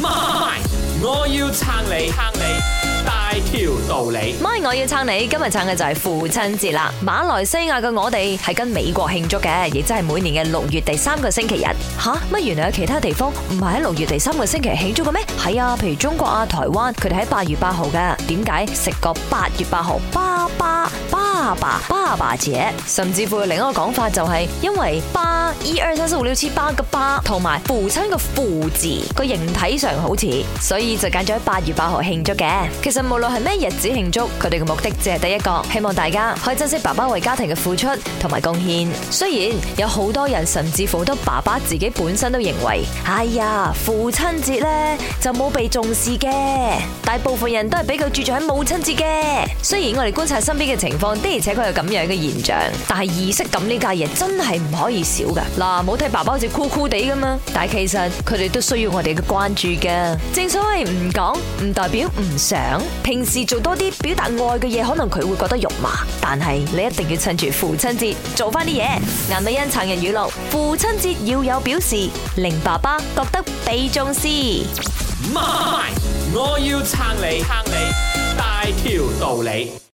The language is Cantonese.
My, 我要撐你，撐你大條道理。咪，My, 我要撐你，今日撐嘅就係父親節啦。馬來西亞嘅我哋係跟美國慶祝嘅，亦即係每年嘅六月第三個星期日。吓，乜原來有其他地方唔係喺六月第三個星期慶祝嘅咩？係啊，譬如中國啊、台灣，佢哋喺八月八號嘅。點解？食個八月八號巴巴。爸爸、爸爸姐甚至乎另一個講法就係因為爸一二三四五六七八個爸，同埋父親個父字個形體上好似，所以就揀咗喺八月八號慶祝嘅。其實無論係咩日子慶祝，佢哋嘅目的只係第一個，希望大家可以珍惜爸爸為家庭嘅付出同埋貢獻。雖然有好多人甚至乎都爸爸自己本身都認為，哎呀父親節咧就冇被重視嘅，大部分人都係比較注重喺母親節嘅。雖然我哋觀察身邊嘅情，他的而且確有咁樣嘅現象，但係儀式感呢家嘢，真係唔可以少噶。嗱，冇睇爸爸好似酷酷地咁嘛，但係其實佢哋都需要我哋嘅關注噶。正所謂唔講唔代表唔想，平時多做多啲表達愛嘅嘢，可能佢會覺得肉麻。但係你一定要趁住父親節做翻啲嘢。顏美欣撐人語錄：父親節要有表示，令爸爸覺得被重視。我要撐你，撐你大條道理。